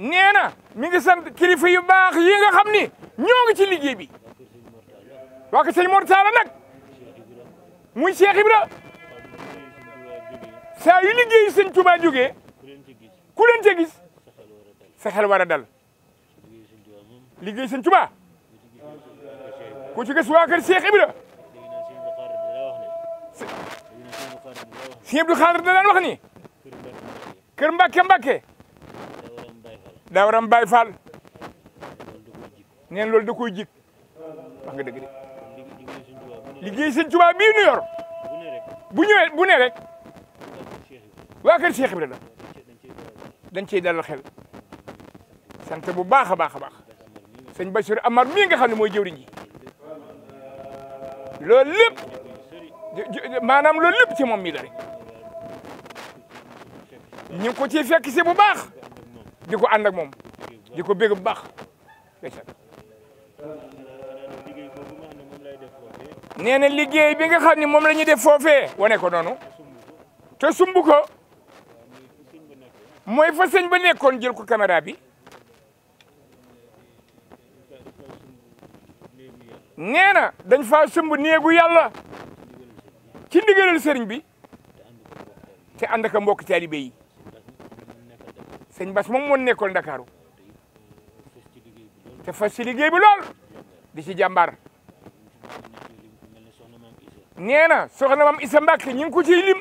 nee na mi ngi sant kilifa yu baax yi nga xam ni ñoo ngi ci liggéey bi waa ko sëñ Mor Talla nag muy Cheikh Ibra saa yu liggéeyu sëñ Touba jógee ku leen ca gis sa xel war a dal liggéey sëñ Touba ku ci gis waa kër Cheikh Ibra sëñ Abdou Khadre da wax ni kër Mbacke Mbacke daa waram Baay Faal neen loolu da koy jik wax nga dëgg liggéey sëñ Tuubaa bii nu yor bu ñëwee bu ne rek waa kër Cheikh Ibra la dañ cey dalal xel sant bu baax a baax a baax sëñ Bachir Amar mii nga xam ne mooy jëwriñ ji loolu lépp maanaam loolu lépp ci moom mii la rek ñu ngi ko si bu baax di ko ànd ak moom di ko bégg bu baax nee liggéey bi nga xam ne moom la ñuy def foofee wane ko noonu te sumb ko mooy fa sëñ ba nekkoon jël ko caméra bi nee na dañ faa sumb néegu yàlla ci ndigalal sëriñ bi te ànd ak mbokk taalibe yi sëñ Bass moom moo nekkoon Ndakaaru te fas ci liggéey bi lool di ci jàmbaar nee na soxna mam Isa Mbàkke ñu ngi ko ciy lim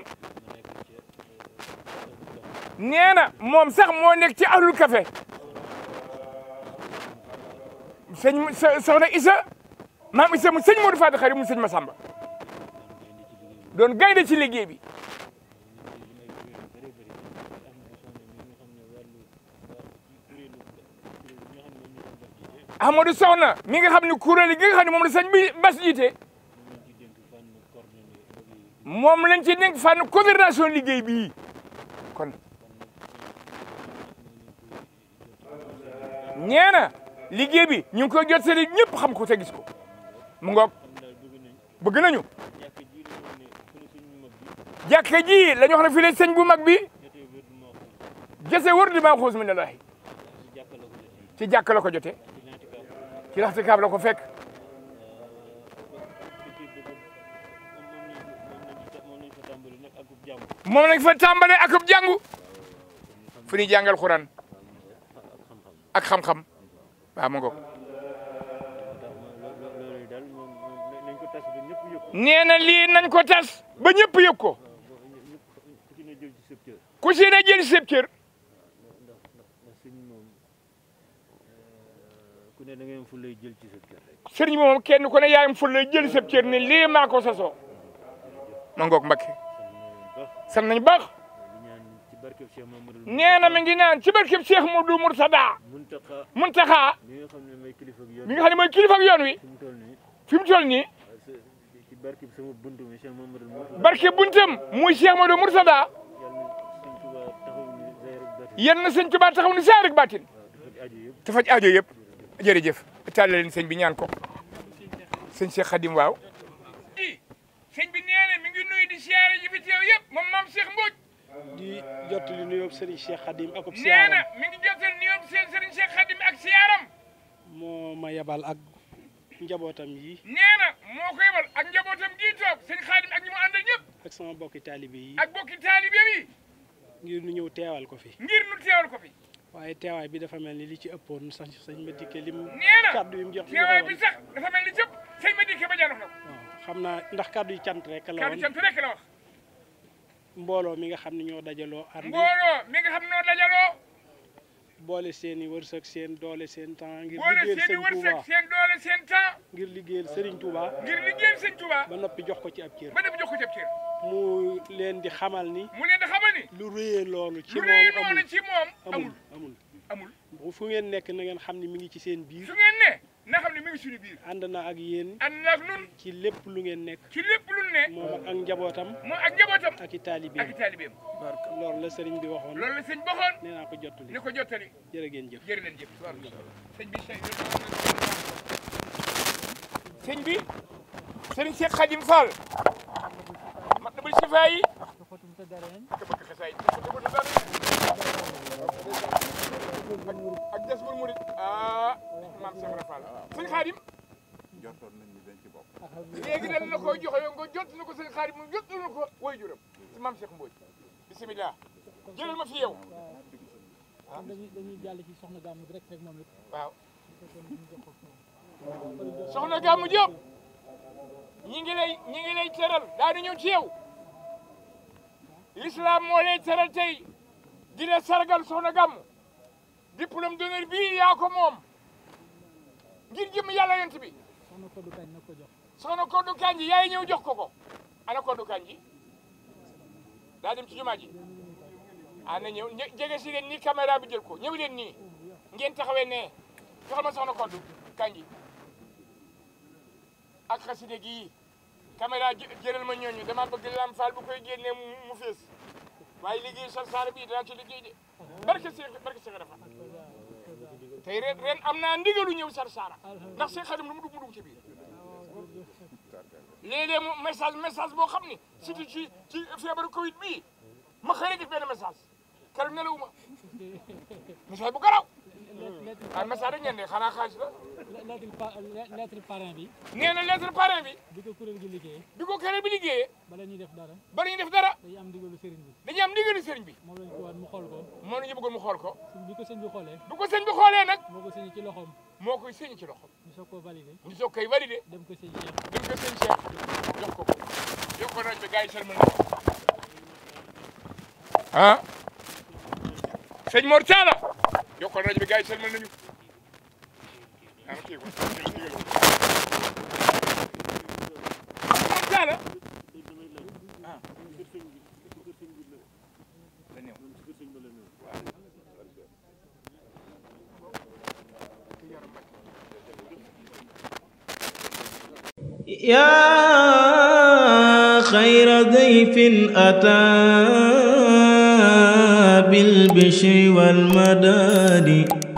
nee na moom sax moo nekk ci ahlul kafe sëñ soxna Isa maam Isa mu sëñ Modou Fadi Khari mu sëñ Massamba doon gaynde ci liggéey bi Amadou Soxna mi nga xam ne kuréel gi nga xam ne moom la sëñ bi bas jiite moom lañ ci dénk fànn coordination liggéey bi kon ñee liggéey bi ñu ngi koy jot seen ñëpp xam ko te gis ko mu ngoog bëgg nañu jàkka ji la wax ne fii la bu mag bi jëse wër di maa xuus mi ne laay ci jàkka la ko jotee ci laxte kaab la ko fekk moom lañ fa tàmbale akub jàngu fu ñuy jàngal xuraan ak xam-xam waaw ma ngoog nee na lii nañ ko tas ba ñëpp yëg ko ku si ne jël sëb cër ne da ngeen fulay jël ci moom kenn ku ne yaayam fulay jël sa cër ne lii maa ko sasoo. ma ngoog Mbakke. sant nañu baax. nee ngi naan ci barkeb Cheikh Modou Mourtada. Muntaxa. mi nga xam mooy kilifa ak yoon wi. fi mu toll nii. barke sama buntu muy Cheikh Mamadou Mourtada. barke buntam muy Cheikh Mamadou Mourtada. yal na sëñ Tuubaa taxaw ni saa rek baatin. te faj aajo yëpp. jërëjëf tàlle leen sëñ bi ñaan ko sëñ Cheikh Khadim waaw sëñ bi nee mi ngi nuyu di siyaare ji fi teew yëpp moom maam Cheikh Mbodj di jottali nuyoo sëriñ Cheikh Khadim ak ak siyaaram moo ma yebal ak njabootam yi nee na moo ko yebal ak njabootam gii toog sëñ Khadim ak ñi mu àndal ñëpp ak sama bokki taalibe yi ak bokki taalibe yi ngir nu ñëw teewal ko fi ngir nu teewal ko fi waaye teewaay bi dafa mel ni li ci ëppoon sax sëñ ma dikke lim kàddu yi mu jox teewaay bi sax dafa mel ni cëpp sëñ ma dikke ba jarof xam naa ndax kàddu yi cant rek la woon mbooloo mi nga xam ni ñoo dajaloo ar mi nga xam ne ñoo dajaloo boole seeni i wërsëg seen doole seen temps. ngir liggéeyal seen i wërsëg seen doole seen temps. ngir liggéeyal Serigne Touba. ba noppi jox ko ci ab cër. ba noppi mu leen di xamal ni. mu leen di xamal ni. lu rëyee ci moom amul lu rëyee ci moom amul. amul fu ngeen nekk na ngeen xam ni mu ngi ci seen biir. su ngeen ne. mi ngi suñu na ak yéen. ànd na ak nun ci lépp lu ngeen nekk. ci lépp lu ne. moom njabootam. moom ak njabootam. ak i taalibeem ak i taalibeem. loolu la sëriñ bi waxoon. loolu la sëriñ bi waxoon. nee naa ko jottali. ni ko jottali. jërë ngeen jëf jërë ngeen jëf. sëñ bi sëñ bi. sëriñ Cheikh mat na bëri ak des bur murit ah maam Cheikh Ibra Fall sëñ Xaadim jortoon nañ ni dañ ci bokk léegi dañ la ko joxe yow nga jot na ko sëñ Xaadim mu jot na ko way juram si maam Cheikh Mbodj bisimilah jëlal ma fi yow waaw ah, dañuy dañuy jàll ci soxna Gamou direct rek moom it waaw soxna Gamou Diop ñi ngi lay ñi ngi lay teral daa di ñëw ci yow l'islam moo lay teral tey dina sargal Soxna Gammu diplôme d'honneur bii yaa ko moom ngir jëm yàlla yent bi soxna na ko jox soxna Kodou Kanji jox ko ko ana Kodou Kanji daa dem ci jumaa ji ah na ñëw jege si leen nii caméra bi jël ko ñëw leen nii ngeen taxawee ne joxal ma soxna Kodou Kanji ak xaside gi caméra jëral ma ñooñu dama bëgg lam faal bu koy génnee mu fees waaye liggéey sa saare bii dinaa ci liggéey de barke si barke si xarafa tey ren ren am naa ndigalu ñëw sar saara ndax se xadim lu mu dugg mu dugg ci biir léeg-léeg mu message message boo xam ne surtout ci ci feebaru Covid bii ma xëy na gis benn message keroog nelawuma message bu garaw ah message dañu leen de xanaa xaaj la. lettre pa bi. nee na lettre parrain bi. bi ko kuréel gi liggéeyee. bi ko kuréel bi liggéeyee. bala ñuy def dara. bala ñuy def dara. dañuy am ndigalu sëriñ bi. dañuy am ndigalu sëriñ bi. moom la ñu ko woon mu xool ko. moom la ñu mu xool ko. bi ko sëñ bi xoolee. bi ko sen bi xoolee nag. moo ko sëñ ci loxoom. moo koy sëñ ci loxoom. ñu soo ko validé. ñu soog koy validé. dem ko sëñ Cheikh. dem ko sëñ Cheikh jox ko ko. jox ko rajo bi gars yi sërmal na ah sëñ Mor Thiala yokkal rajo bi gars yi sëlmal nañu daanaka kii quoi jaala ah. yaa xayra dayfin ataa بالبشر والمداد